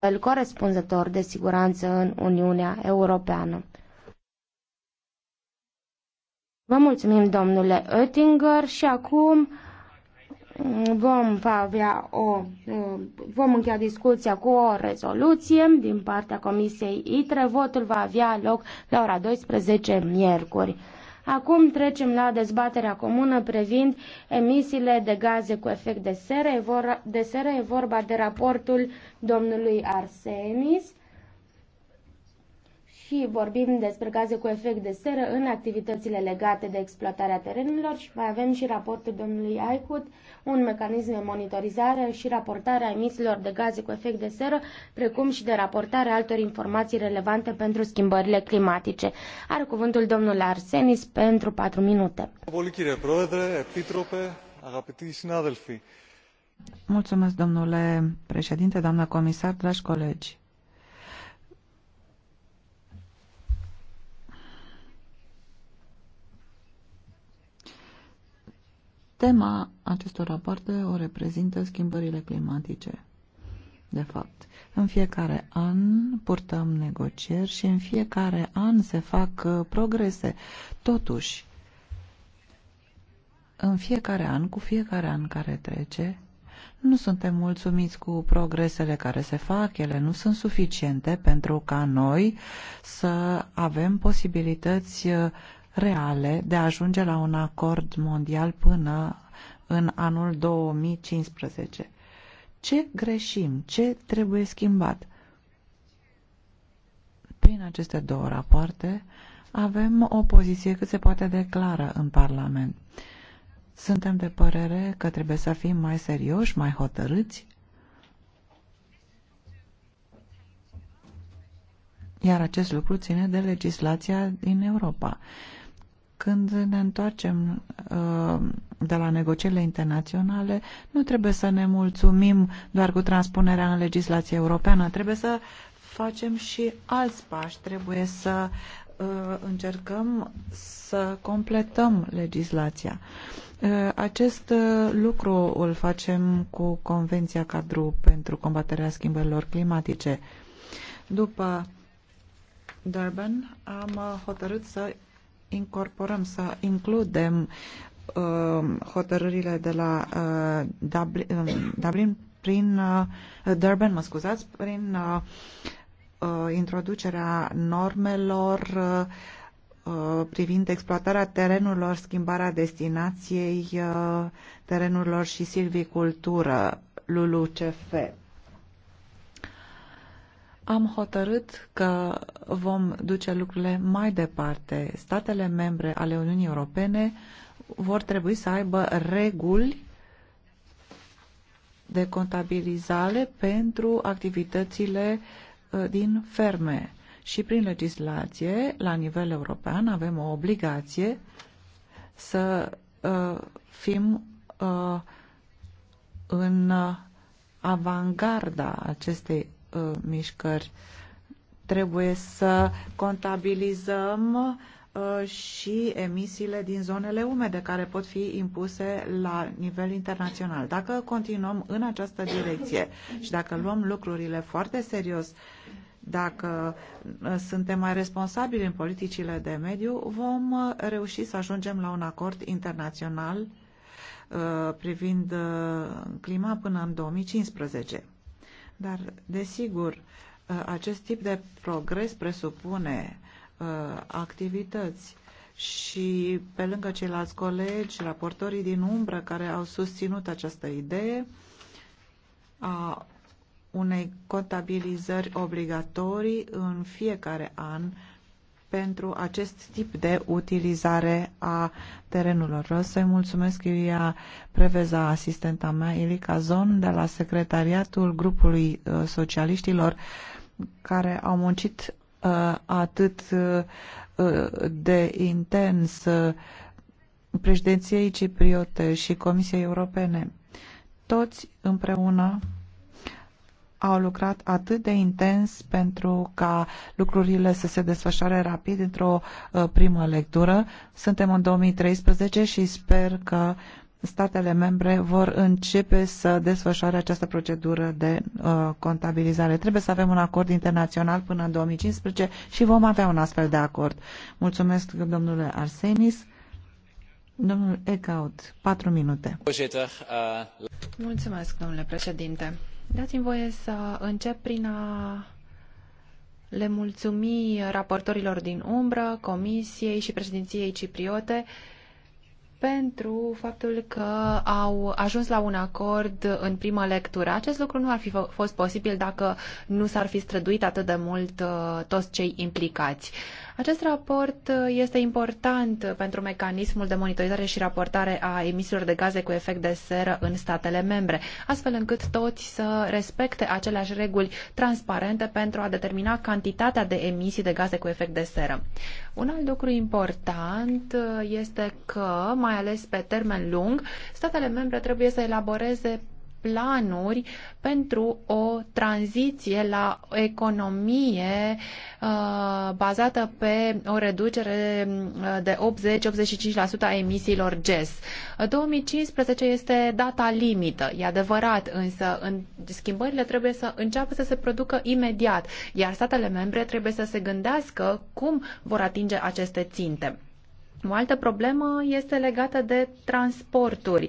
nivel corespunzător de siguranță în Uniunea Europeană. Vă mulțumim, domnule Oettinger, și acum vom avea o, vom încheia discuția cu o rezoluție din partea Comisiei ITRE. Votul va avea loc la ora 12 miercuri. Acum trecem la dezbaterea comună privind emisiile de gaze cu efect de seră. E vorba de raportul domnului Arsenis și vorbim despre gaze cu efect de seră în activitățile legate de exploatarea terenurilor și mai avem și raportul domnului Aicut, un mecanism de monitorizare și raportare a emisiilor de gaze cu efect de seră, precum și de raportare altor informații relevante pentru schimbările climatice. Are cuvântul domnul Arsenis pentru 4 minute. Mulțumesc, domnule președinte, doamnă comisar, dragi colegi Tema acestor rapoarte o reprezintă schimbările climatice. De fapt, în fiecare an purtăm negocieri și în fiecare an se fac uh, progrese. Totuși, în fiecare an, cu fiecare an care trece, nu suntem mulțumiți cu progresele care se fac, ele nu sunt suficiente pentru ca noi să avem posibilități uh, reale de a ajunge la un acord mondial până în anul 2015. Ce greșim? Ce trebuie schimbat? Prin aceste două rapoarte avem o poziție cât se poate declară în Parlament. Suntem de părere că trebuie să fim mai serioși, mai hotărâți, iar acest lucru ține de legislația din Europa. Când ne întoarcem uh, de la negocierile internaționale, nu trebuie să ne mulțumim doar cu transpunerea în legislație europeană, trebuie să facem și alți pași, trebuie să uh, încercăm să completăm legislația. Uh, acest lucru îl facem cu Convenția Cadru pentru combaterea schimbărilor climatice. După Durban am hotărât să incorporăm, să includem uh, hotărârile de la uh, Dublin, uh, Dublin prin Durban, mă scuzați, prin introducerea normelor privind exploatarea terenurilor, schimbarea destinației terenurilor și silvicultură, LULUCF am hotărât că vom duce lucrurile mai departe. Statele membre ale Uniunii Europene vor trebui să aibă reguli de contabilizare pentru activitățile uh, din ferme. Și prin legislație, la nivel european, avem o obligație să uh, fim uh, în uh, avangarda acestei uh, mișcări. Trebuie să contabilizăm uh, și emisiile din zonele umede care pot fi impuse la nivel internațional. Dacă continuăm în această direcție și dacă luăm lucrurile foarte serios, dacă uh, suntem mai responsabili în politicile de mediu, vom uh, reuși să ajungem la un acord internațional uh, privind clima până în 2015. Dar, desigur, uh, acest tip de progres presupune uh, activități și pe lângă ceilalți colegi, raportorii din umbră care au susținut această idee a unei contabilizări obligatorii în fiecare an pentru acest tip de utilizare a terenurilor. Vreau să-i mulțumesc Iulia Preveza, asistenta mea, Ilica Zon, de la secretariatul grupului uh, socialiștilor, care au muncit uh, atât uh, de intens președinției cipriote și Comisiei Europene. Toți împreună au lucrat atât de intens pentru ca lucrurile să se desfășoare rapid într-o uh, primă lectură. Suntem în 2013 și sper că statele membre vor începe să desfășoare această procedură de uh, contabilizare. Trebuie să avem un acord internațional până în 2015 și vom avea un astfel de acord. Mulțumesc, domnule Arsenis. Domnul Ecaut, patru minute. Uh, Mulțumesc, domnule președinte. Dați-mi voie să încep prin a le mulțumi raportorilor din umbră, comisiei și președinției cipriote pentru faptul că au ajuns la un acord în prima lectură. Acest lucru nu ar fi fost posibil dacă nu s-ar fi străduit atât de mult uh, toți cei implicați. Acest raport uh, este important uh, pentru mecanismul de monitorizare și raportare a emisiilor de gaze cu efect de seră în statele membre, astfel încât toți să respecte aceleași reguli transparente pentru a determina cantitatea de emisii de gaze cu efect de seră. Un alt lucru important uh, este că, mai ales pe termen lung, statele membre trebuie să elaboreze planuri pentru o tranziție la o economie uh, bazată pe o reducere uh, de 80-85% a emisiilor GES. 2015 este data limită, e adevărat, însă în schimbările trebuie să înceapă să se producă imediat, iar statele membre trebuie să se gândească cum vor atinge aceste ținte. O altă problemă este legată de transporturi.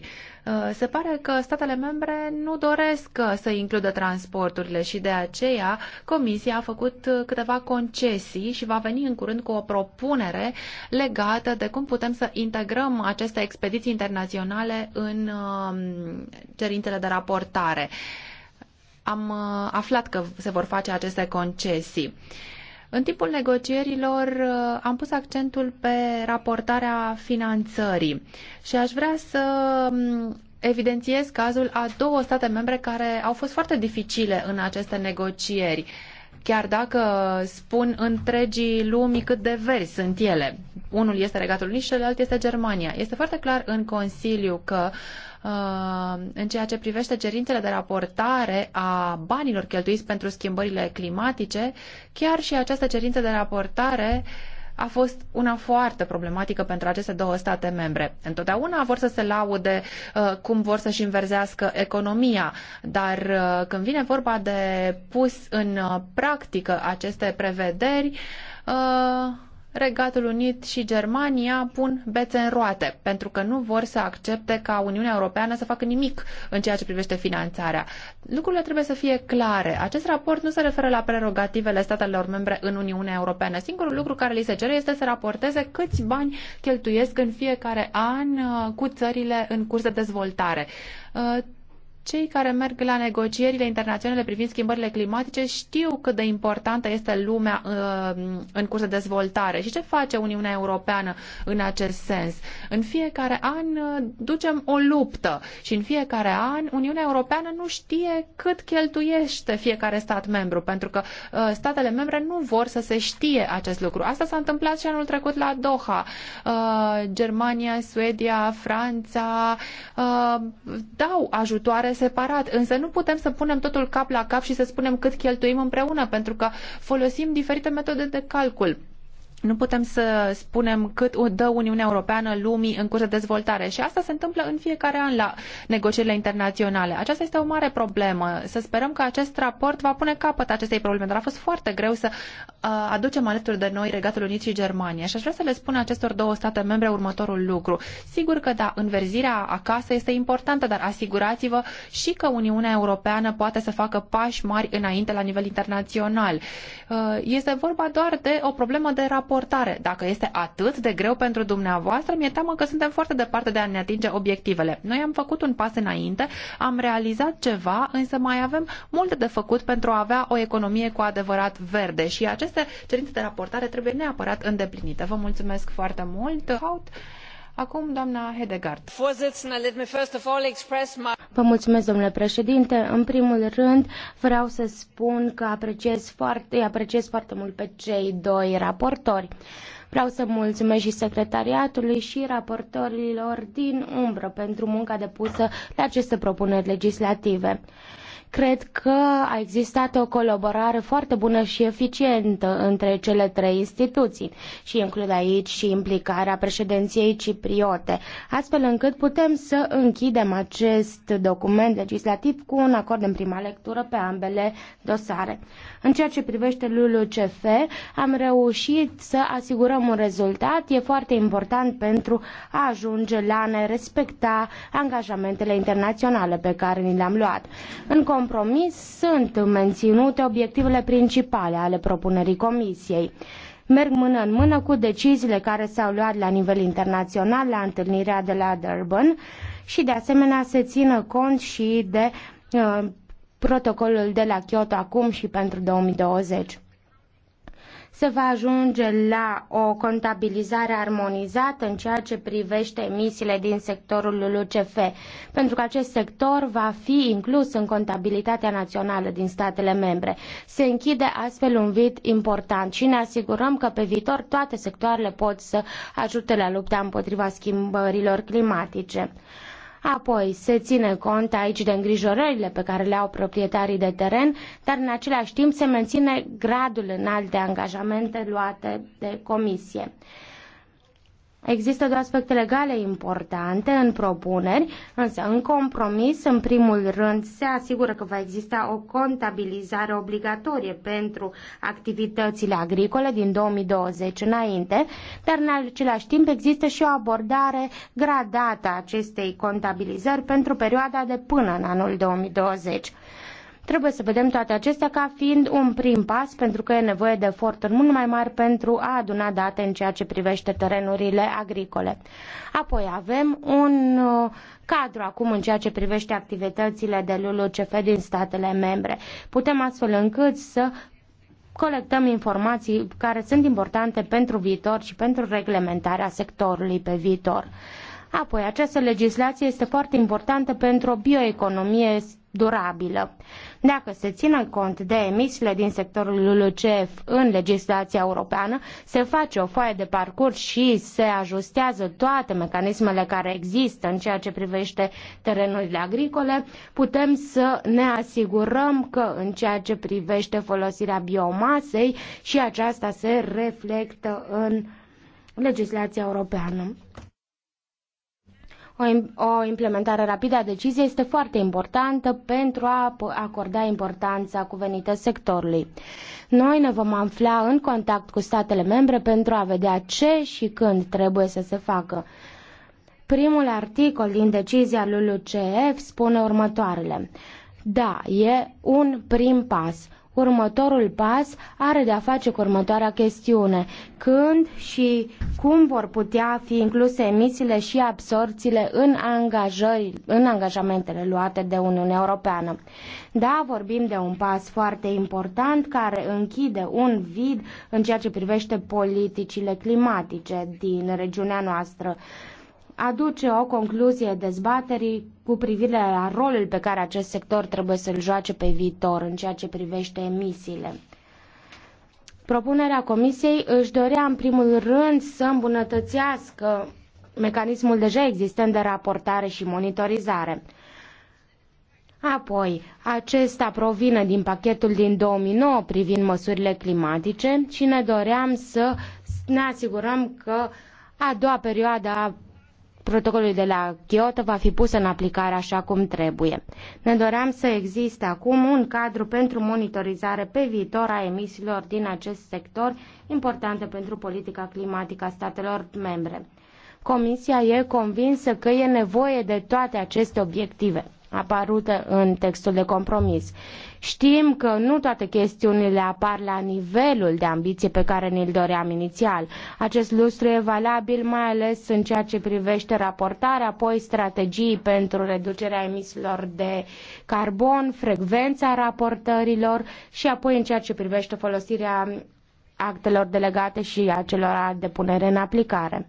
Uh, se pare că statele membre nu doresc uh, să includă transporturile și de aceea Comisia a făcut uh, câteva concesii și va veni în curând cu o propunere legată de cum putem să integrăm aceste expediții internaționale în um, cerințele de raportare. Am aflat că se vor face aceste concesii. În timpul negocierilor uh, am pus accentul pe raportarea finanțării și aș vrea să mm, evidențiez cazul a două state membre care au fost foarte dificile în aceste negocieri chiar dacă spun întregii lumii cât de veri sunt ele. Unul este Regatul Unit și celălalt este Germania. Este foarte clar în Consiliu că uh, în ceea ce privește cerințele de raportare a banilor cheltuiți pentru schimbările climatice, chiar și această cerință de raportare uh, a fost una foarte problematică pentru aceste două state membre. Întotdeauna vor să se laude uh, cum vor să-și înverzească economia, dar uh, când vine vorba de pus în uh, practică aceste prevederi, uh, Regatul Unit și Germania pun bețe în roate, pentru că nu vor să accepte ca Uniunea Europeană să facă nimic în ceea ce privește finanțarea. Lucrurile trebuie să fie clare. Acest raport nu se referă la prerogativele statelor membre în Uniunea Europeană. Singurul lucru care li se cere este să raporteze câți bani cheltuiesc în fiecare an uh, cu țările în curs de dezvoltare uh, cei care merg la negocierile internaționale privind schimbările climatice știu cât de importantă este lumea uh, în curs de dezvoltare și ce face Uniunea Europeană în acest sens. În fiecare an uh, ducem o luptă și în fiecare an Uniunea Europeană nu știe cât cheltuiește fiecare stat membru, pentru că uh, statele membre nu vor să se știe acest lucru. Asta s-a întâmplat și anul trecut la Doha. Germania, Suedia, Franța dau ajutoare separat, însă nu putem să punem totul cap la cap și să spunem cât cheltuim împreună, pentru că folosim diferite metode de calcul nu putem să spunem cât dă Uniunea Europeană lumii în curs de dezvoltare și asta se întâmplă în fiecare an la negocierile internaționale. Aceasta este o mare problemă. Să sperăm că acest raport va pune capăt acestei probleme, dar a fost foarte greu să uh, aducem alături de noi Regatul Unit și Germania și aș vrea să le spun acestor două state membre următorul lucru. Sigur că da, înverzirea acasă este importantă, dar asigurați-vă și că Uniunea Europeană poate să facă pași mari înainte la nivel internațional. Uh, este vorba doar de o problemă de raport raportare. Dacă este atât de greu pentru dumneavoastră, mi-e teamă că suntem foarte departe de a ne atinge obiectivele. Noi am făcut un pas înainte, am realizat ceva, însă mai avem multe de făcut pentru a avea o economie cu adevărat verde și aceste cerințe de raportare trebuie neapărat îndeplinite. Vă mulțumesc foarte mult! Acum, doamna Hedegard. Vă mulțumesc, domnule președinte. În primul rând, vreau să spun că apreciez foarte, apreciez foarte mult pe cei doi raportori. Vreau să mulțumesc și secretariatului și raportorilor din umbră pentru munca depusă la aceste propuneri legislative. Cred că a existat o colaborare foarte bună și eficientă între cele trei instituții și includ aici și implicarea președinției cipriote, astfel încât putem să închidem acest document legislativ cu un acord în prima lectură pe ambele dosare. În ceea ce privește LULUCF, am reușit să asigurăm un rezultat. E foarte important pentru a ajunge la a ne respecta angajamentele internaționale pe care ni le-am luat. În compromis sunt menținute obiectivele principale ale propunerii Comisiei merg mână în mână cu deciziile care s-au luat la nivel internațional la întâlnirea de la Durban și de asemenea se țină cont și de uh, protocolul de la Kyoto acum și pentru 2020 se va ajunge la o contabilizare armonizată în ceea ce privește emisiile din sectorul LUCF, pentru că acest sector va fi inclus în contabilitatea națională din statele membre. Se închide astfel un vid important și ne asigurăm că pe viitor toate sectoarele pot să ajute la lupta împotriva schimbărilor climatice. Apoi, se ține cont aici de îngrijorările pe care le au proprietarii de teren, dar în același timp se menține gradul înalt de angajamente luate de comisie. Există două aspecte legale importante în propuneri, însă în compromis, în primul rând, se asigură că va exista o contabilizare obligatorie pentru activitățile agricole din 2020 înainte, dar în același timp există și o abordare gradată a acestei contabilizări pentru perioada de până în anul 2020. Trebuie să vedem toate acestea ca fiind un prim pas pentru că e nevoie de eforturi mult mai mari pentru a aduna date în ceea ce privește terenurile agricole. Apoi avem un uh, cadru acum în ceea ce privește activitățile de LULUCF din statele membre. Putem astfel încât să colectăm informații care sunt importante pentru viitor și pentru reglementarea sectorului pe viitor. Apoi, această legislație este foarte importantă pentru o bioeconomie durabilă. Dacă se țină cont de emisiile din sectorul LULUCF în legislația europeană, se face o foaie de parcurs și se ajustează toate mecanismele care există în ceea ce privește terenurile agricole, putem să ne asigurăm că în ceea ce privește folosirea biomasei și aceasta se reflectă în legislația europeană. O implementare rapidă a deciziei este foarte importantă pentru a acorda importanța cuvenită sectorului. Noi ne vom afla în contact cu statele membre pentru a vedea ce și când trebuie să se facă. Primul articol din decizia lui LUCF spune următoarele. Da, e un prim pas Următorul pas are de a face cu următoarea chestiune. Când și cum vor putea fi incluse emisiile și absorțiile în, angajări, în angajamentele luate de Uniunea Europeană? Da, vorbim de un pas foarte important care închide un vid în ceea ce privește politicile climatice din regiunea noastră aduce o concluzie dezbaterii cu privire la rolul pe care acest sector trebuie să-l joace pe viitor în ceea ce privește emisiile. Propunerea Comisiei își dorea în primul rând să îmbunătățească mecanismul deja existent de raportare și monitorizare. Apoi, acesta provine din pachetul din 2009 privind măsurile climatice și ne doream să ne asigurăm că a doua perioadă a protocolului de la Kyoto va fi pus în aplicare așa cum trebuie. Ne doream să existe acum un cadru pentru monitorizare pe viitor a emisiilor din acest sector importante pentru politica climatică a statelor membre. Comisia e convinsă că e nevoie de toate aceste obiective apărute în textul de compromis. Știm că nu toate chestiunile apar la nivelul de ambiție pe care ne-l doream inițial. Acest lustru e valabil mai ales în ceea ce privește raportarea, apoi strategii pentru reducerea emisiilor de carbon, frecvența raportărilor și apoi în ceea ce privește folosirea actelor delegate și a celor de punere în aplicare.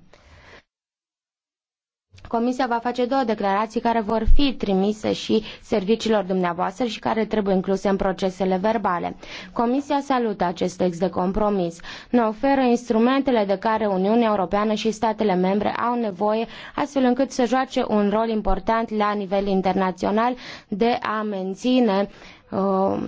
Comisia va face două declarații care vor fi trimise și serviciilor dumneavoastră și care trebuie incluse în procesele verbale. Comisia salută acest text de compromis. Ne oferă instrumentele de care Uniunea Europeană și statele membre au nevoie astfel încât să joace un rol important la nivel internațional de a menține uh,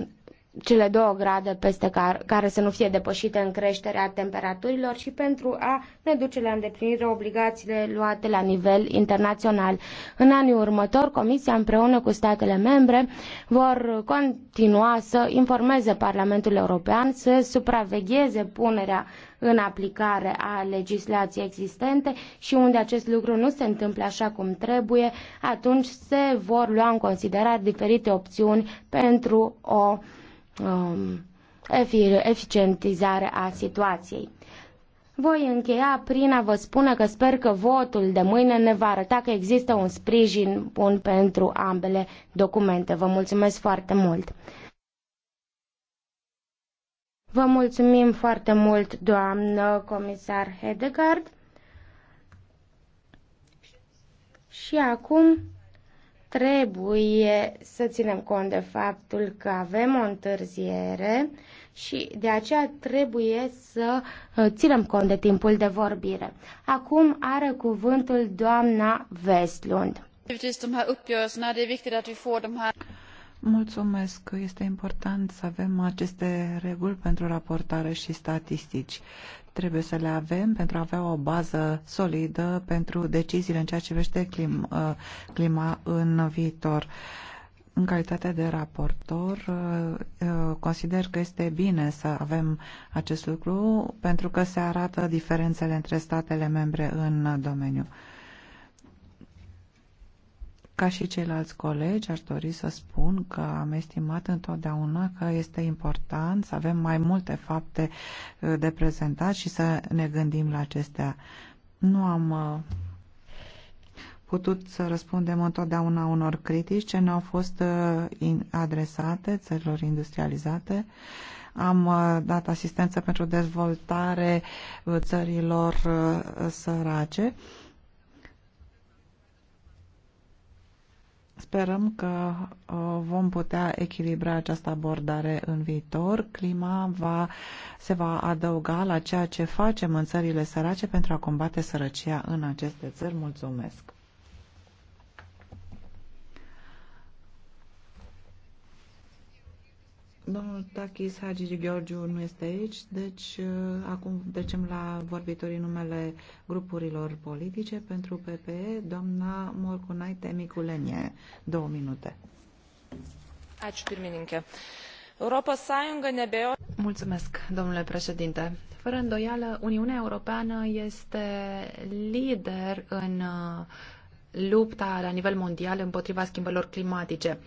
cele două grade peste care, care să nu fie depășite în creșterea temperaturilor și pentru a ne duce la îndeplinire obligațiile luate la nivel internațional. În anii următori, Comisia împreună cu statele membre vor continua să informeze Parlamentul European, să supravegheze punerea în aplicare a legislației existente și unde acest lucru nu se întâmplă așa cum trebuie, atunci se vor lua în considerare diferite opțiuni pentru o um, eficientizare a situației. Voi încheia prin a vă spune că sper că votul de mâine ne va arăta că există un sprijin bun pentru ambele documente. Vă mulțumesc foarte mult! Vă mulțumim foarte mult, doamnă comisar Hedegaard. Și acum Trebuie să ținem cont de faptul că avem o întârziere și de aceea trebuie să uh, ținem cont de timpul de vorbire. Acum are cuvântul doamna Vestlund. Mulțumesc. Este important să avem aceste reguli pentru raportare și statistici trebuie să le avem pentru a avea o bază solidă pentru deciziile în ceea ce privește clim, uh, clima în viitor. În calitate de raportor, uh, uh, consider că este bine să avem acest lucru pentru că se arată diferențele între statele membre în domeniu. Ca și ceilalți colegi, aș dori să spun că am estimat întotdeauna că este important să avem mai multe fapte uh, de prezentat și să ne gândim la acestea. Nu am uh, putut să răspundem întotdeauna unor critici ce ne-au fost uh, adresate țărilor industrializate. Am dat asistență pentru dezvoltare țărilor sărace Sperăm că uh, vom putea echilibra această abordare în viitor. Clima va, se va adăuga la ceea ce facem în țările sărace pentru a combate sărăcia în aceste țări. Mulțumesc! Domnul Takis Hagi Gheorgiu nu este aici, deci uh, acum trecem la vorbitorii numele grupurilor politice. Pentru PPE, doamna Morcunaite Miculenie, două minute. Aici, pirmininche. Europa Saiungă nebeo... Mulțumesc, domnule președinte. Fără îndoială, Uniunea Europeană este lider în uh, lupta la nivel mondial împotriva schimbărilor climatice.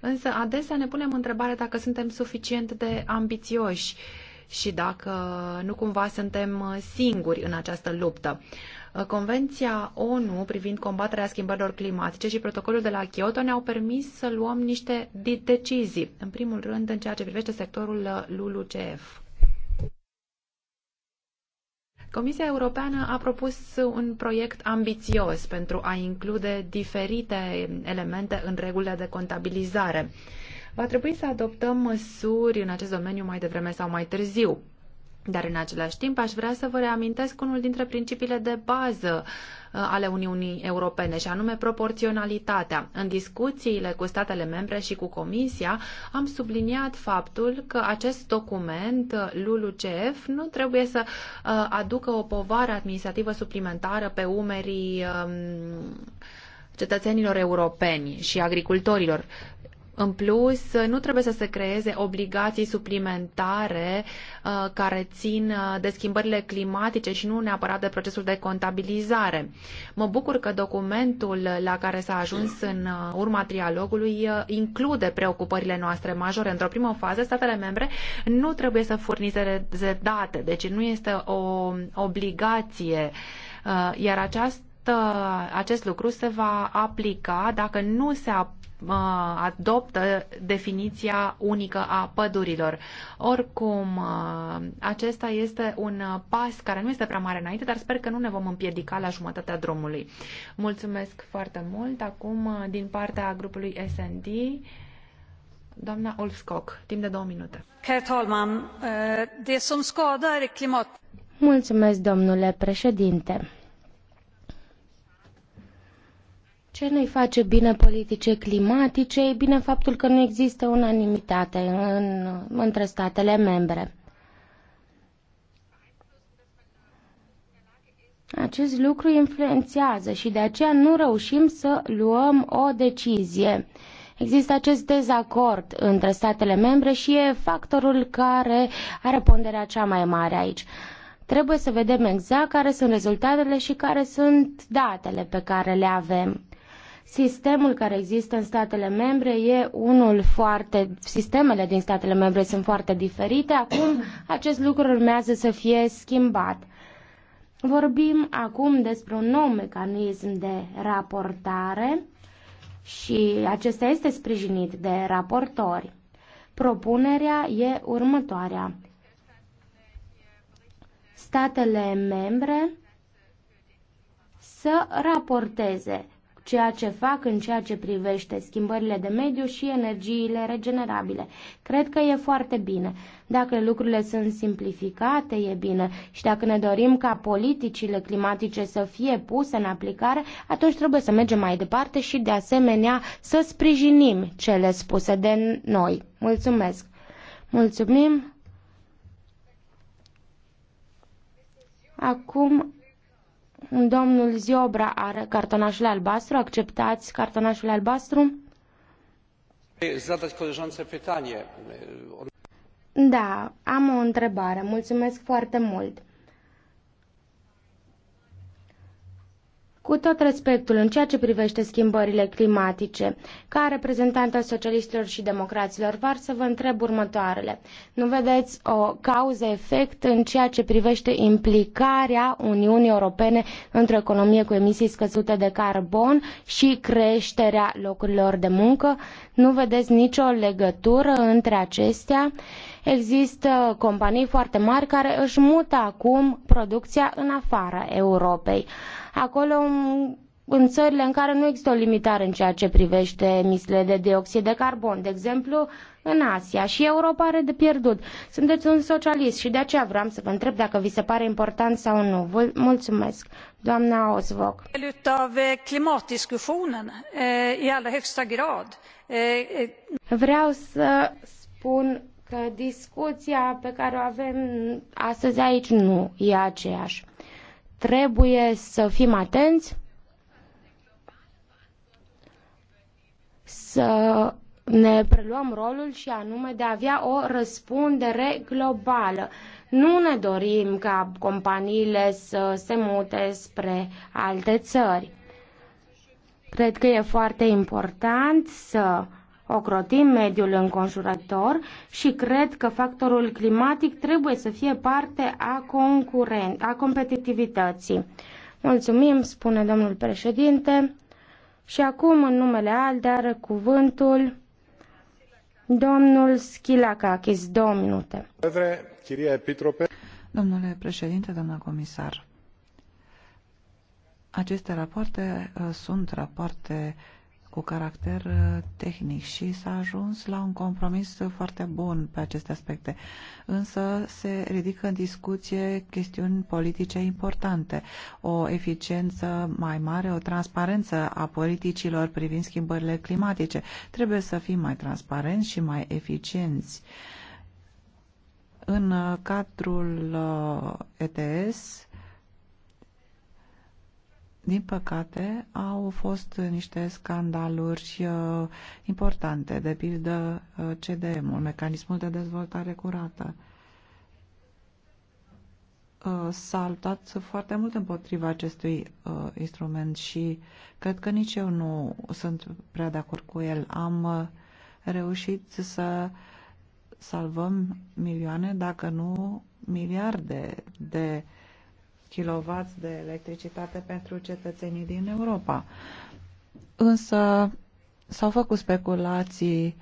Însă adesea ne punem întrebarea dacă suntem suficient de ambițioși și dacă nu cumva suntem singuri în această luptă. Convenția ONU privind combaterea schimbărilor climatice și protocolul de la Kyoto ne-au permis să luăm niște decizii, în primul rând în ceea ce privește sectorul LULUCF. Comisia Europeană a propus un proiect ambițios pentru a include diferite elemente în regulile de contabilizare. Va trebui să adoptăm măsuri în acest domeniu mai devreme sau mai târziu. Dar în același timp aș vrea să vă reamintesc unul dintre principiile de bază uh, ale Uniunii Europene, și anume proporționalitatea. În discuțiile cu statele membre și cu Comisia am subliniat faptul că acest document, uh, LULUCF, nu trebuie să uh, aducă o povară administrativă suplimentară pe umerii um, cetățenilor europeni și agricultorilor, în plus, nu trebuie să se creeze obligații suplimentare uh, care țin uh, de schimbările climatice și nu neapărat de procesul de contabilizare. Mă bucur că documentul la care s-a ajuns în uh, urma trialogului include preocupările noastre majore. Într-o primă fază, statele membre nu trebuie să furnizeze date, deci nu este o obligație, iar această acest lucru se va aplica dacă nu se aplică adoptă definiția unică a pădurilor. Oricum, uh, acesta este un uh, pas care nu este prea mare înainte, dar sper că nu ne vom împiedica la jumătatea drumului. Mulțumesc foarte mult. Acum, uh, din partea grupului SND, doamna Olfskog, timp de două minute. Mulțumesc, domnule președinte. Ce nu-i face bine politice climatice? E bine faptul că nu există unanimitate în, între statele membre. Acest lucru influențează și de aceea nu reușim să luăm o decizie. Există acest dezacord între statele membre și e factorul care are ponderea cea mai mare aici. Trebuie să vedem exact care sunt rezultatele și care sunt datele pe care le avem. Sistemul care există în statele membre e unul foarte... Sistemele din statele membre sunt foarte diferite. Acum acest lucru urmează să fie schimbat. Vorbim acum despre un nou mecanism de raportare și acesta este sprijinit de raportori. Propunerea e următoarea. Statele membre să raporteze ceea ce fac în ceea ce privește schimbările de mediu și energiile regenerabile. Cred că e foarte bine. Dacă lucrurile sunt simplificate, e bine. Și dacă ne dorim ca politicile climatice să fie puse în aplicare, atunci trebuie să mergem mai departe și, de asemenea, să sprijinim cele spuse de noi. Mulțumesc! Mulțumim! Acum Domnul Ziobra are cartonașul albastru. Acceptați cartonașul albastru? Da, am o întrebare. Mulțumesc foarte mult. Cu tot respectul în ceea ce privește schimbările climatice, ca reprezentant al socialistilor și democraților, var să vă întreb următoarele. Nu vedeți o cauză-efect în ceea ce privește implicarea Uniunii Europene într-o economie cu emisii scăzute de carbon și creșterea locurilor de muncă? Nu vedeți nicio legătură între acestea? Există companii foarte mari care își mută acum producția în afara Europei acolo în țările în care nu există o limitare în ceea ce privește emisiile de dioxid de carbon, de exemplu în Asia și Europa are de pierdut. Sunteți un socialist și de aceea vreau să vă întreb dacă vi se pare important sau nu. Vă mulțumesc, doamna Osvog. Eh, eh, eh, vreau să spun că discuția pe care o avem astăzi aici nu e aceeași. Trebuie să fim atenți, să ne preluăm rolul și anume de a avea o răspundere globală. Nu ne dorim ca companiile să se mute spre alte țări. Cred că e foarte important să ocrotim mediul înconjurător și cred că factorul climatic trebuie să fie parte a, concuren- a competitivității. Mulțumim, spune domnul președinte. Și acum, în numele ALDE, are cuvântul domnul Schilacachis. Două minute. Domnule președinte, doamna comisar, aceste rapoarte uh, sunt rapoarte cu caracter uh, tehnic și s-a ajuns la un compromis foarte bun pe aceste aspecte. Însă se ridică în discuție chestiuni politice importante, o eficiență mai mare, o transparență a politicilor privind schimbările climatice. Trebuie să fim mai transparenți și mai eficienți. În uh, cadrul uh, ETS, din păcate, au fost niște scandaluri uh, importante, de pildă uh, CDM-ul, mecanismul de dezvoltare curată. Uh, s-a luptat foarte mult împotriva acestui instrument și cred că nici eu nu sunt prea de acord cu el. Am reușit să salvăm milioane, dacă nu miliarde de uh, kW de electricitate pentru cetățenii din Europa. Însă s-au făcut speculații uh,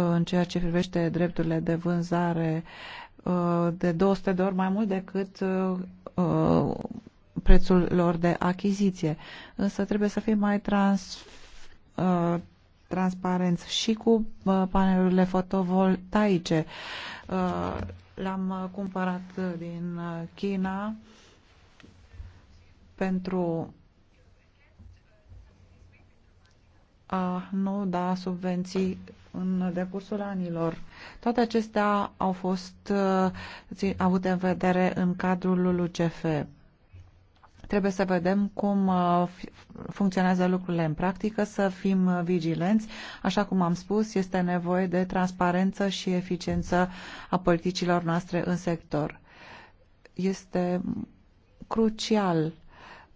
în ceea ce privește drepturile de vânzare uh, de 200 de ori mai mult decât uh, prețul lor de achiziție. Însă trebuie să fim mai trans, transparenți și cu panelurile fotovoltaice. L-am cumpărat din China pentru a nu da subvenții în decursul anilor. Toate acestea au fost uh, avute în vedere în cadrul LUCF. Trebuie să vedem cum uh, funcționează lucrurile în practică, să fim uh, vigilenți. Așa cum am spus, este nevoie de transparență și eficiență a politicilor noastre în sector. Este crucial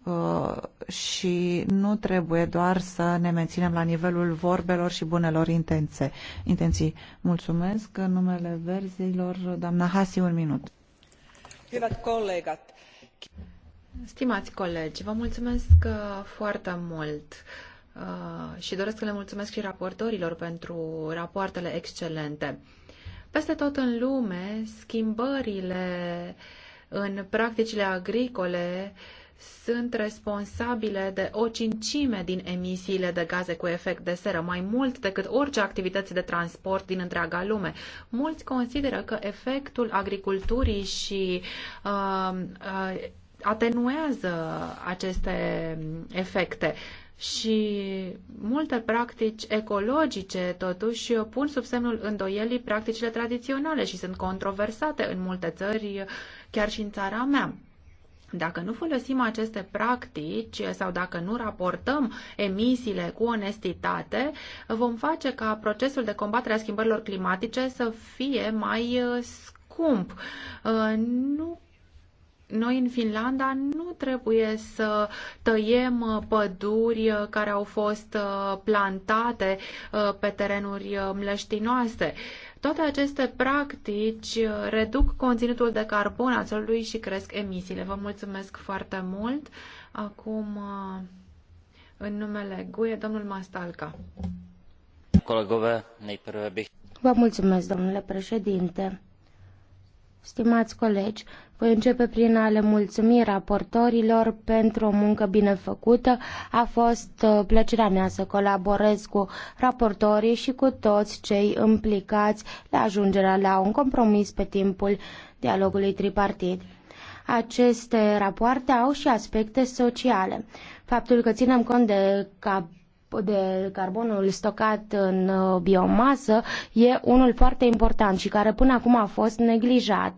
Uh, și nu trebuie doar să ne menținem la nivelul vorbelor și bunelor intențe. intenții. Mulțumesc. În numele verzilor, doamna Hasi, un minut. Stimați colegi, vă mulțumesc uh, foarte mult uh, și doresc să le mulțumesc și raportorilor pentru rapoartele excelente. Peste tot în lume, schimbările în practicile agricole uh, sunt responsabile de o cincime din emisiile de gaze cu efect de seră, mai mult decât orice activități de transport din întreaga lume. Mulți consideră că efectul agriculturii și uh, uh, atenuează aceste efecte și multe practici ecologice totuși pun sub semnul îndoielii practicile tradiționale și sunt controversate în multe țări, chiar și în țara mea. Dacă nu folosim aceste practici sau dacă nu raportăm emisiile cu onestitate, vom face ca procesul de combatere a schimbărilor climatice să fie mai uh, scump. Uh, nu noi în Finlanda nu trebuie să tăiem uh, păduri care au fost plantate pe terenuri mlăștinoase. Toate aceste practici uh, reduc conținutul de carbon al solului și cresc emisiile. Vă mulțumesc foarte mult. Acum, uh, în numele GUE, domnul Mastalca. Colegove, Vă mulțumesc, domnule președinte. Stimați colegi, voi începe prin a le mulțumi raportorilor pentru o muncă bine făcută. A fost uh, plăcerea mea să colaborez cu raportorii și cu toți cei implicați la ajungerea la un compromis pe timpul dialogului tripartit. Aceste rapoarte au și aspecte sociale. Faptul că ținem cont de cap de carbonul stocat în uh, biomasă e unul foarte important și care până acum a fost neglijat.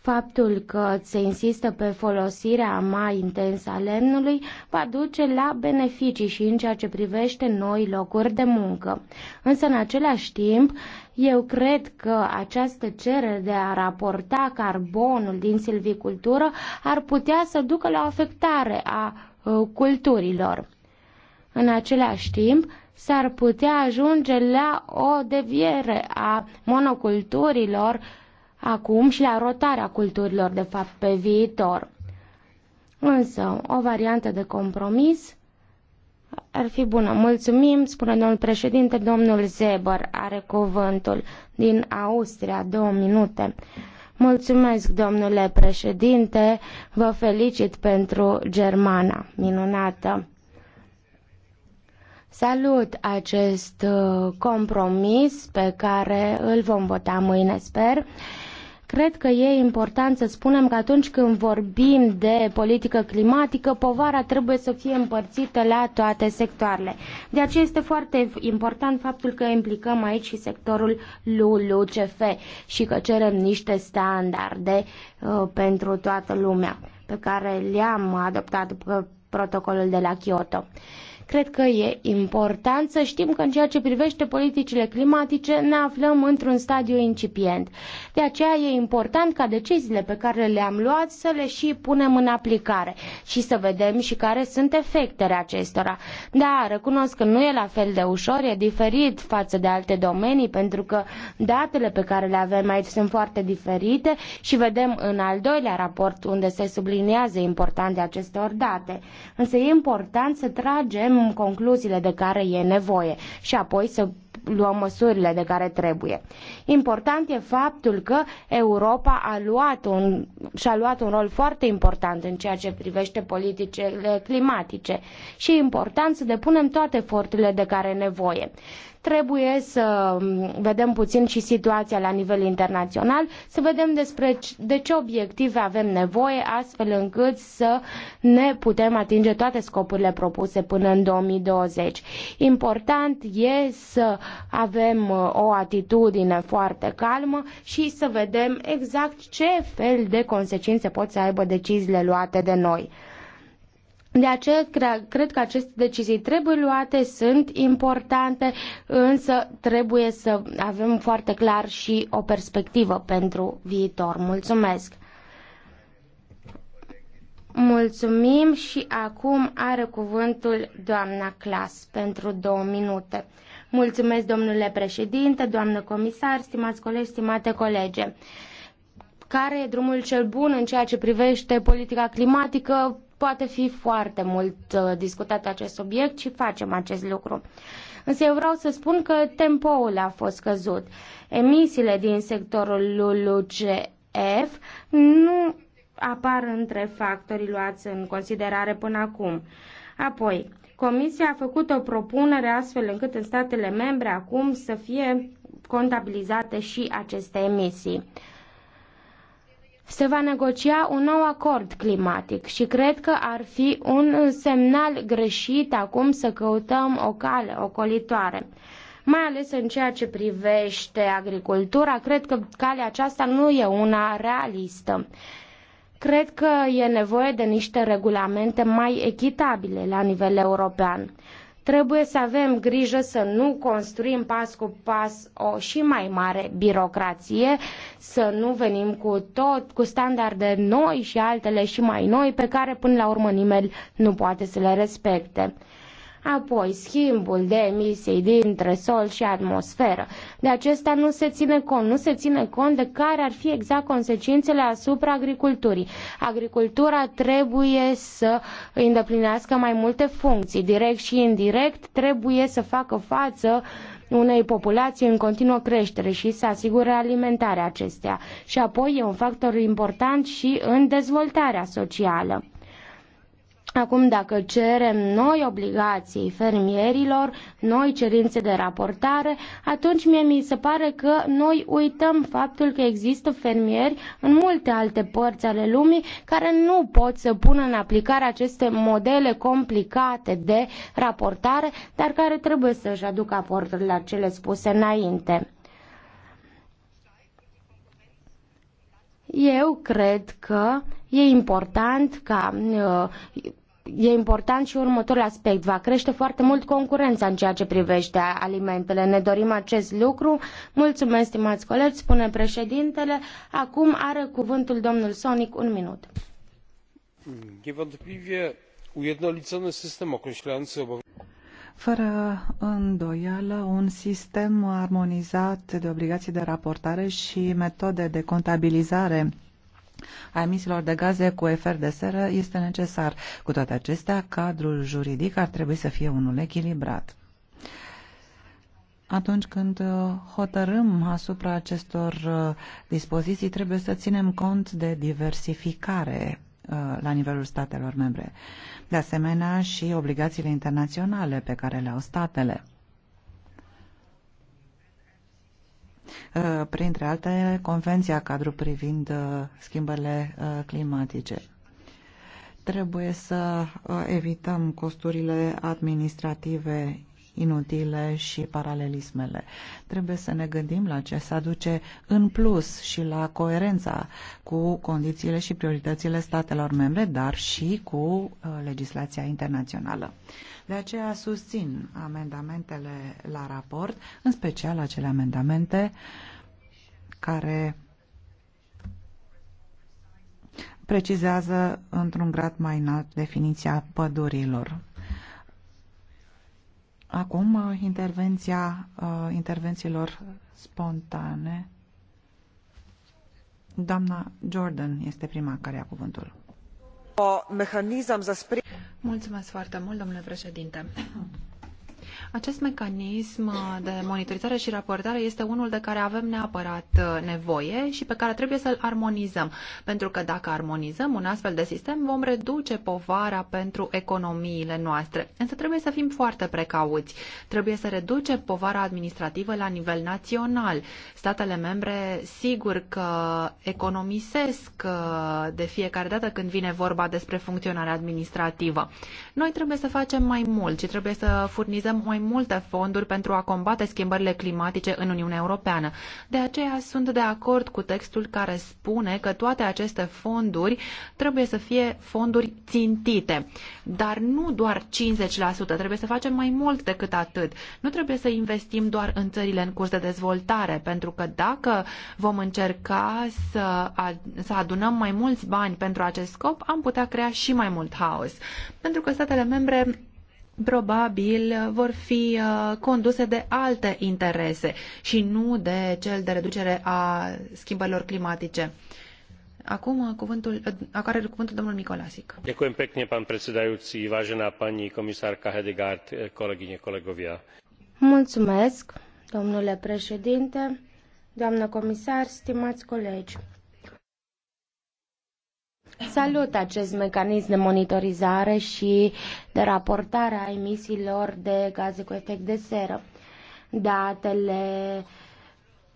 Faptul că se insistă pe folosirea mai intensă a lemnului va duce la beneficii și în ceea ce privește noi locuri de muncă. Însă, în același timp, eu cred că această cerere de a raporta carbonul din silvicultură ar putea să ducă la o afectare a uh, culturilor. În același timp, s-ar putea ajunge la o deviere a monoculturilor acum și la rotarea culturilor, de fapt, pe viitor. Însă, o variantă de compromis ar fi bună. Mulțumim, spune domnul președinte, domnul Zeber are cuvântul din Austria, două minute. Mulțumesc, domnule președinte, vă felicit pentru Germana, minunată. Salut acest uh, compromis pe care îl vom vota mâine, sper. Cred că e important să spunem că atunci când vorbim de politică climatică, povara trebuie să fie împărțită la toate sectoarele. De aceea este foarte important faptul că implicăm aici și sectorul LULUCF și că cerem niște standarde uh, pentru toată lumea pe care le-am adoptat pe uh, protocolul de la Kyoto. Uh, Cred că e important să știm că în ceea ce privește politicile climatice ne aflăm într-un stadiu incipient. De aceea e important ca deciziile pe care le-am luat să le și punem în aplicare și să vedem și care sunt efectele acestora. Da, recunosc că nu e la fel de ușor, e diferit față de alte domenii pentru că datele pe care le avem aici sunt foarte diferite și vedem în al doilea raport unde se subliniază importanța acestor date. Însă e important să tragem tragem concluziile de care e nevoie și apoi să luăm măsurile de care trebuie. Important e faptul că Europa a luat un, și-a luat un rol foarte important în ceea ce privește politicile climatice și e important să depunem toate eforturile de care e nevoie. Trebuie să mm, vedem puțin și situația la nivel internațional, să vedem despre de ce obiective avem nevoie, astfel încât să ne putem atinge toate scopurile propuse până în 2020. Important e să avem uh, o atitudine foarte calmă și să vedem exact ce fel de consecințe pot să aibă deciziile luate de noi. De aceea cred că aceste decizii trebuie luate, sunt importante, însă trebuie să avem foarte clar și o perspectivă pentru viitor. Mulțumesc! Mulțumim și acum are cuvântul doamna Clas pentru două minute. Mulțumesc, domnule președinte, doamnă comisar, stimați colegi, stimate colege. Care e drumul cel bun în ceea ce privește politica climatică? Poate fi foarte mult uh, discutat acest subiect și facem acest lucru. Însă eu vreau să spun că tempoul a fost căzut. Emisiile din sectorul LULUCF nu apar între factorii luați în considerare până acum. Apoi, Comisia a făcut o propunere astfel încât în statele membre acum să fie contabilizate și aceste emisii se va negocia un nou acord climatic și cred că ar fi un semnal greșit acum să căutăm o cale ocolitoare. Mai ales în ceea ce privește agricultura, cred că calea aceasta nu e una realistă. Cred că e nevoie de niște regulamente mai echitabile la nivel european. Trebuie să avem grijă să nu construim pas cu pas o și mai mare birocrație, să nu venim cu tot, cu standarde noi și altele și mai noi pe care până la urmă nimeni nu poate să le respecte. Apoi, schimbul de emisii dintre sol și atmosferă. De acesta nu se ține cont. Nu se ține cont de care ar fi exact consecințele asupra agriculturii. Agricultura trebuie să îndeplinească mai multe funcții, direct și indirect, trebuie să facă față unei populații în continuă creștere și să asigure alimentarea acestea. Și apoi e un factor important și în dezvoltarea socială. Acum, dacă cerem noi obligații fermierilor, noi cerințe de raportare, atunci mie mi se pare că noi uităm faptul că există fermieri în multe alte părți ale lumii care nu pot să pună în aplicare aceste modele complicate de raportare, dar care trebuie să-și aducă aporturi la cele spuse înainte. Eu cred că e important ca uh, e important și următorul aspect. Va crește foarte mult concurența în ceea ce privește alimentele. Ne dorim acest lucru. Mulțumesc, stimați colegi, spune președintele. Acum are cuvântul domnul Sonic un minut. Fără îndoială, un sistem armonizat de obligații de raportare și metode de contabilizare a emisiilor de gaze cu efect de seră este necesar. Cu toate acestea, cadrul juridic ar trebui să fie unul echilibrat. Atunci când uh, hotărâm asupra acestor uh, dispoziții, trebuie să ținem cont de diversificare uh, la nivelul statelor membre. De asemenea, și obligațiile internaționale pe care le au statele. Uh, printre alte, Convenția Cadru privind uh, schimbările uh, climatice. Trebuie să evităm costurile administrative inutile și paralelismele. Trebuie să ne gândim la ce se aduce în plus și la coerența cu condițiile și prioritățile statelor membre, dar și cu uh, legislația internațională. De aceea susțin amendamentele la raport, în special acele amendamente care precizează într-un grad mai înalt definiția pădurilor Acum uh, intervenția uh, intervențiilor spontane. Doamna Jordan este prima care ia cuvântul. Mulțumesc foarte mult, domnule președinte. Acest mecanism de monitorizare și raportare este unul de care avem neapărat uh, nevoie și pe care trebuie să-l armonizăm, pentru că dacă armonizăm un astfel de sistem, vom reduce povara pentru economiile noastre. Însă trebuie să fim foarte precauți. Trebuie să reducem povara administrativă la nivel național. Statele membre, sigur că economisesc uh, de fiecare dată când vine vorba despre funcționarea administrativă. Noi trebuie să facem mai mult și trebuie să furnizăm mai multe fonduri pentru a combate schimbările climatice în Uniunea Europeană. De aceea sunt de acord cu textul care spune că toate aceste fonduri trebuie să fie fonduri țintite. Dar nu doar 50%, trebuie să facem mai mult decât atât. Nu trebuie să investim doar în țările în curs de dezvoltare, pentru că dacă vom încerca să, să adunăm mai mulți bani pentru acest scop, am putea crea și mai mult haos. Pentru că statele membre probabil uh, vor fi uh, conduse de alte interese și nu de cel de reducere a schimbărilor climatice. Acum uh, cuvântul, a care cuvântul domnul Nicolasic. Ďakujem pekne, pán predsedajúci, vážená pani komisárka Hedegaard, eh, kolegyne, kolegovia. Mulțumesc, domnule președinte, doamnă comisar, stimați colegi. Salut acest mecanism de monitorizare și de raportare a emisiilor de gaze cu efect de seră. Datele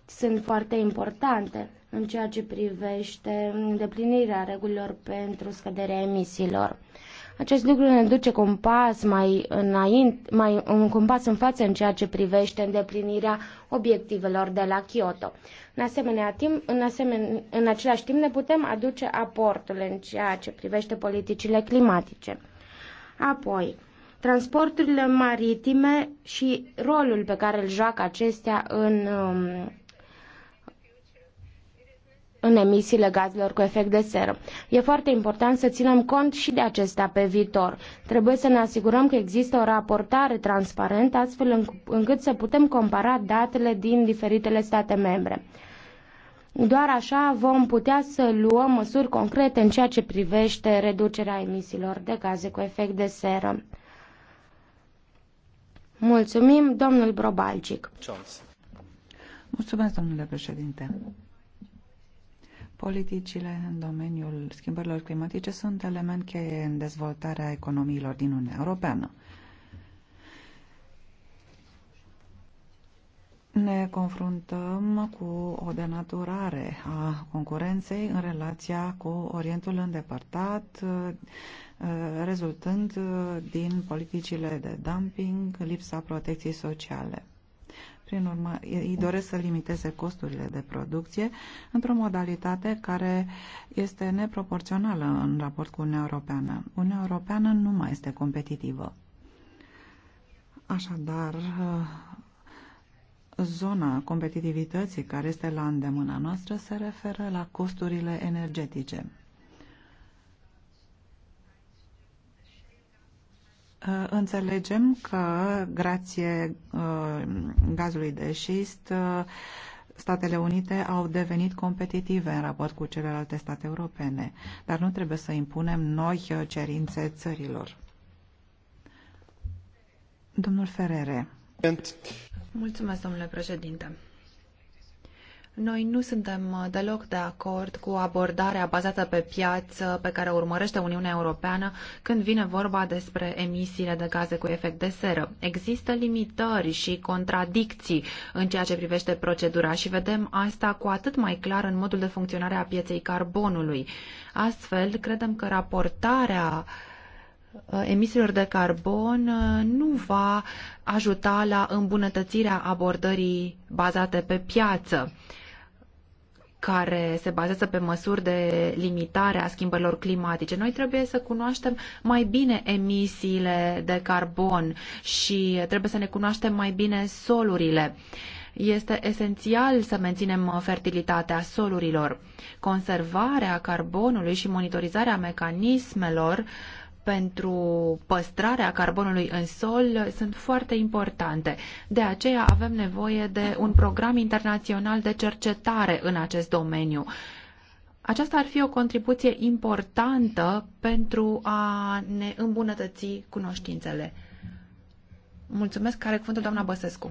sunt foarte importante în ceea ce privește îndeplinirea regulilor pentru scăderea emisiilor. Acest lucru ne duce cu un pas mai înainte, mai, cu un pas în față în ceea ce privește îndeplinirea obiectivelor de la Kyoto. În, asemenea timp, în, asemenea, în același timp ne putem aduce aportul în ceea ce privește politicile climatice. Apoi, transporturile maritime și rolul pe care îl joacă acestea în um, în emisiile gazelor cu efect de seră. E foarte important să ținem cont și de acesta pe viitor. Trebuie să ne asigurăm că există o raportare transparentă astfel încât să putem compara datele din diferitele state membre. Doar așa vom putea să luăm măsuri concrete în ceea ce privește reducerea emisiilor de gaze cu efect de seră. Mulțumim, domnul Brobalcic. Mulțumesc, domnule președinte. Politicile în domeniul schimbărilor climatice sunt element cheie în dezvoltarea economiilor din Uniunea Europeană. Ne confruntăm cu o denaturare a concurenței în relația cu Orientul îndepărtat, rezultând din politicile de dumping, lipsa protecției sociale. Prin urmă, ei doresc să limiteze costurile de producție într-o modalitate care este neproporțională în raport cu Uniunea Europeană. Uniunea Europeană nu mai este competitivă. Așadar, ă, zona competitivității care este la îndemâna noastră se referă la costurile energetice. Uh, înțelegem că, grație uh, gazului de șist, uh, Statele Unite au devenit competitive în raport cu celelalte state europene, dar nu trebuie să impunem noi cerințe țărilor. Domnul Ferere. Mulțumesc, domnule președinte. Noi nu suntem uh, deloc de acord cu abordarea bazată pe piață pe care o urmărește Uniunea Europeană când vine vorba despre emisiile de gaze cu efect de seră. Există limitări și contradicții în ceea ce privește procedura și vedem asta cu atât mai clar în modul de funcționare a pieței carbonului. Astfel, credem că raportarea uh, emisiilor de carbon uh, nu va ajuta la îmbunătățirea abordării bazate pe piață care se bazează pe măsuri de limitare a schimbărilor climatice. Noi trebuie să cunoaștem mai bine emisiile de carbon și trebuie să ne cunoaștem mai bine solurile. Este esențial să menținem fertilitatea solurilor. Conservarea carbonului și monitorizarea mecanismelor uh, pentru păstrarea carbonului în sol sunt foarte importante. De aceea avem nevoie de un program internațional de cercetare în acest domeniu. Aceasta ar fi o contribuție importantă pentru a ne îmbunătăți cunoștințele. Mulțumesc. Care cuvântul doamna Băsescu?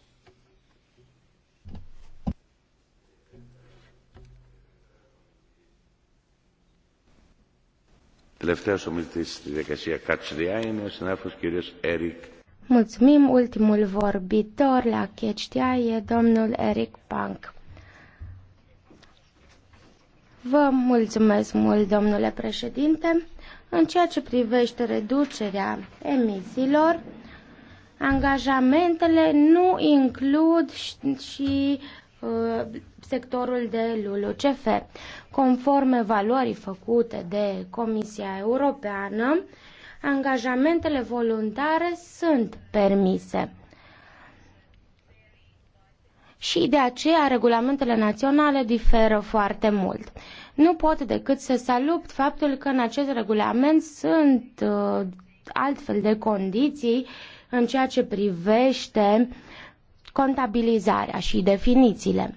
Τελευταίος ομιλητής στη διαδικασία Catch είναι ο συνάδελφος κύριος Έρικ. Mulțumim, ultimul vorbitor la Catch e domnul Eric Punk. Vă mulțumesc mult, domnule președinte. În ceea ce privește reducerea emisiilor, angajamentele nu includ și, și Uh, sectorul de LULUCF. Conform evaluării făcute de Comisia Europeană, angajamentele voluntare sunt permise. Și de aceea regulamentele naționale diferă foarte mult. Nu pot decât să salut faptul că în acest regulament sunt uh, altfel de condiții în ceea ce privește uh, contabilizarea și definițiile.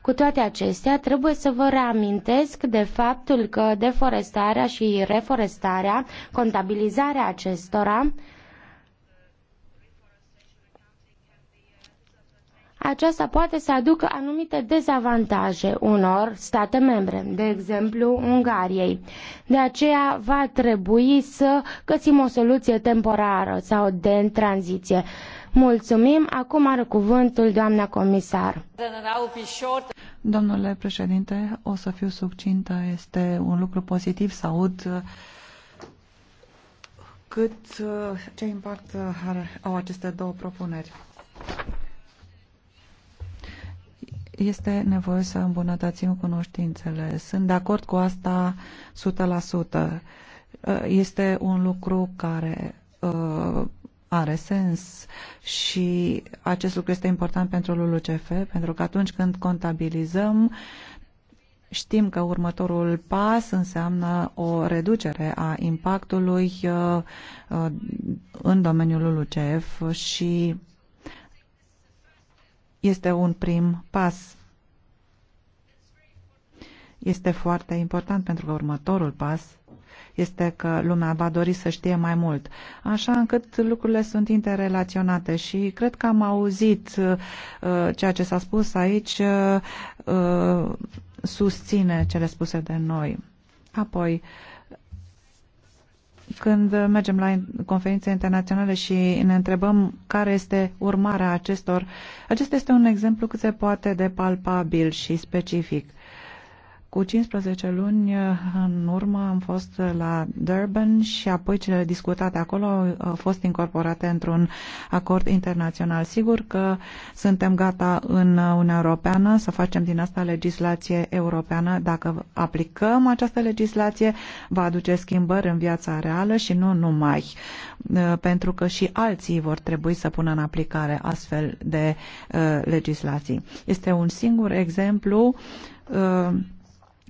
Cu toate acestea, trebuie să vă reamintesc de faptul că deforestarea și reforestarea, contabilizarea acestora, aceasta poate să aducă anumite dezavantaje unor state membre, de exemplu Ungariei. De aceea va trebui să găsim o soluție temporară sau de tranziție. Mulțumim. Acum are cuvântul doamna comisar. Domnule președinte, o să fiu succintă. Este un lucru pozitiv să aud uh, cât, uh, ce impact uh, are, au aceste două propuneri. Este nevoie să îmbunătățim cunoștințele. Sunt de acord cu asta 100%. Este un lucru care are sens și acest lucru este important pentru LULUCF, pentru că atunci când contabilizăm, știm că următorul pas înseamnă o reducere a impactului uh, uh, în domeniul LULUCF și este un prim pas. Este foarte important pentru că următorul pas este că lumea va dori să știe mai mult. Așa încât lucrurile sunt interrelaționate și cred că am auzit uh, ceea ce s-a spus aici uh, uh susține cele spuse de noi. Apoi, când mergem la conferințe internaționale și ne întrebăm care este urmarea acestor, acesta este un exemplu cât se poate de palpabil și specific. Uh, cu 15 luni eh, în urmă am fost la Durban și apoi cele discutate acolo eh, au fost incorporate într-un acord internațional. Sigur că suntem gata în Uniunea Europeană să facem din asta legislație europeană. Dacă aplicăm această legislație, va aduce schimbări în viața reală și nu numai, eh, pentru că și alții vor trebui să pună în aplicare astfel de legislații. Este un singur exemplu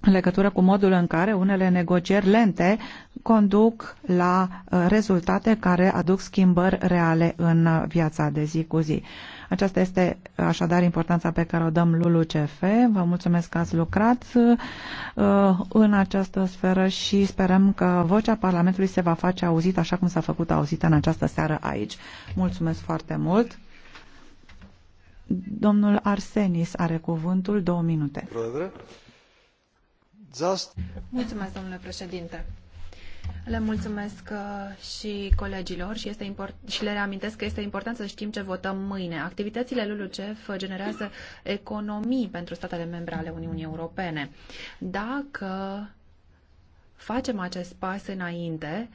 în legătură cu modul în care unele negocieri lente conduc la uh, rezultate care aduc schimbări reale în uh, viața de zi cu zi. Aceasta este uh, așadar importanța pe care o dăm Lulu CF. Vă mulțumesc că ați lucrat în această sferă și sperăm că vocea Parlamentului se va face auzită așa cum s-a făcut auzită în această seară aici. Mulțumesc foarte mult! Domnul Arsenis are cuvântul două minute domnule președinte. Le mulțumesc uh, și colegilor și, este import, și le reamintesc că este important să știm ce votăm mâine. Activitățile LULUCEF generează economii pentru statele membre ale Uniunii Europene. Dacă facem acest pas înainte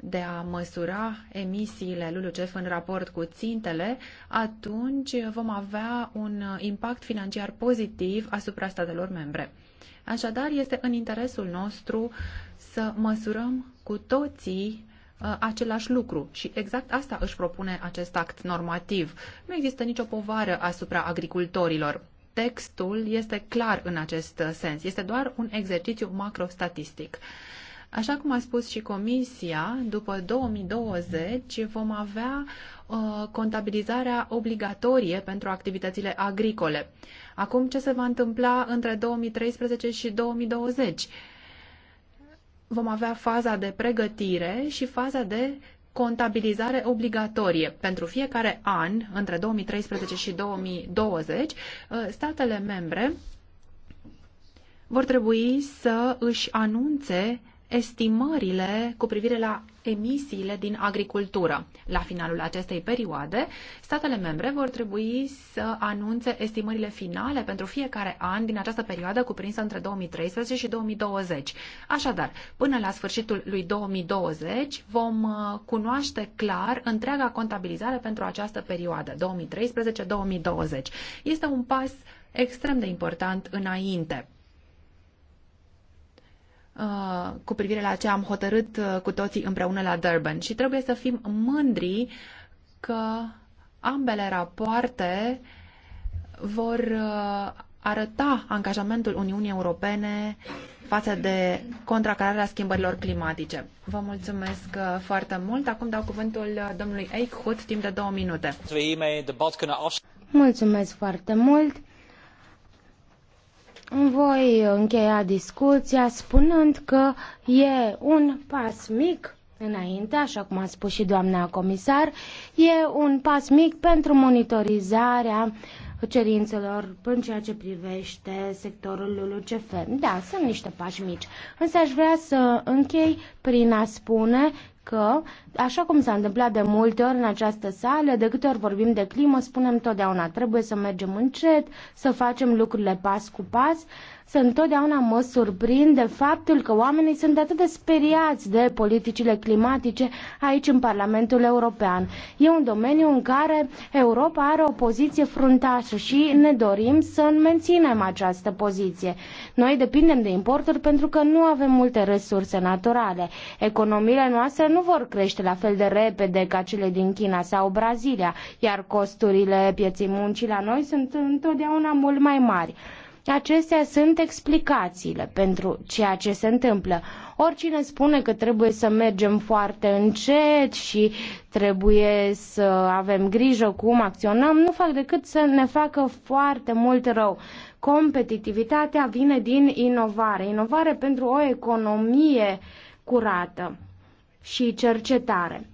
de a măsura emisiile LULUCEF în raport cu țintele, atunci vom avea un impact financiar pozitiv asupra statelor membre. Așadar, este în interesul nostru să măsurăm cu toții uh, același lucru și exact asta își propune acest act normativ. Nu există nicio povară asupra agricultorilor. Textul este clar în acest uh, sens. Este doar un exercițiu macrostatistic. Așa cum a spus și Comisia, după 2020 vom avea uh, contabilizarea obligatorie pentru activitățile agricole. Uh, Acum, ce se va întâmpla între 2013 și 2020? Vom avea faza de pregătire și faza de contabilizare obligatorie. Pentru fiecare an, între 2013 și 2020, statele membre vor trebui să își anunțe estimările cu privire la emisiile din agricultură. La finalul acestei perioade, statele membre vor trebui să anunțe estimările finale pentru fiecare an din această perioadă cuprinsă între 2013 și 2020. Așadar, până la sfârșitul lui 2020 vom uh, cunoaște clar întreaga contabilizare pentru această perioadă, 2013-2020. Este un pas extrem de important înainte Uh, cu privire la ce am hotărât uh, cu toții împreună la Durban și trebuie să fim mândri că ambele rapoarte vor uh, arăta angajamentul Uniunii Europene față de contracararea schimbărilor climatice. Vă mulțumesc foarte mult. Acum dau cuvântul domnului Eichhut timp de două minute. Mulțumesc foarte mult. Voi încheia discuția spunând că e un pas mic înainte, așa cum a spus și doamna comisar, e un pas mic pentru monitorizarea cerințelor în ceea ce privește sectorul LULUCF. Da, sunt niște pași mici, însă aș vrea să închei prin a spune că, așa cum s-a întâmplat de multe ori în această sală, de câte ori vorbim de climă, spunem totdeauna, trebuie să mergem încet, să facem lucrurile pas cu pas, să întotdeauna mă surprind de faptul că oamenii sunt atât de speriați de politicile climatice aici în Parlamentul European. E un domeniu în care Europa are o poziție fruntașă și ne dorim să menținem această poziție. Noi depindem de importuri pentru că nu avem multe resurse naturale. Economiile noastre nu vor crește la fel de repede ca cele din China sau Brazilia, iar costurile pieței muncii la noi sunt întotdeauna mult mai mari. Acestea sunt explicațiile pentru ceea ce se întâmplă. Oricine spune că trebuie să mergem foarte încet și trebuie să avem grijă cum acționăm, nu fac decât să ne facă foarte mult rău. Competitivitatea vine din inovare, inovare pentru o economie curată și cercetare.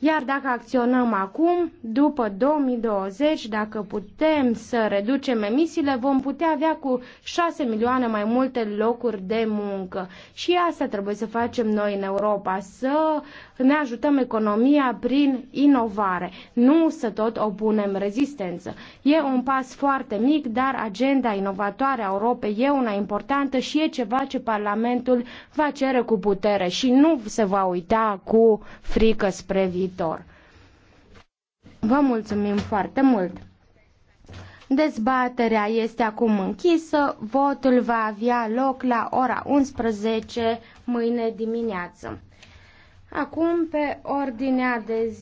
Iar dacă acționăm acum, după 2020, dacă putem să reducem emisiile, vom putea avea cu 6 milioane mai multe locuri de muncă. Și asta trebuie să facem noi în Europa, să ne ajutăm economia prin inovare, nu să tot opunem rezistență. E un pas foarte mic, dar agenda inovatoare a Europei e una importantă și e ceva ce Parlamentul va cere cu putere și nu se va uita cu frică spre viitor. Vă mulțumim foarte mult! Dezbaterea este acum închisă, votul va avea loc la ora 11 mâine dimineață. Acum, pe ordinea de zi,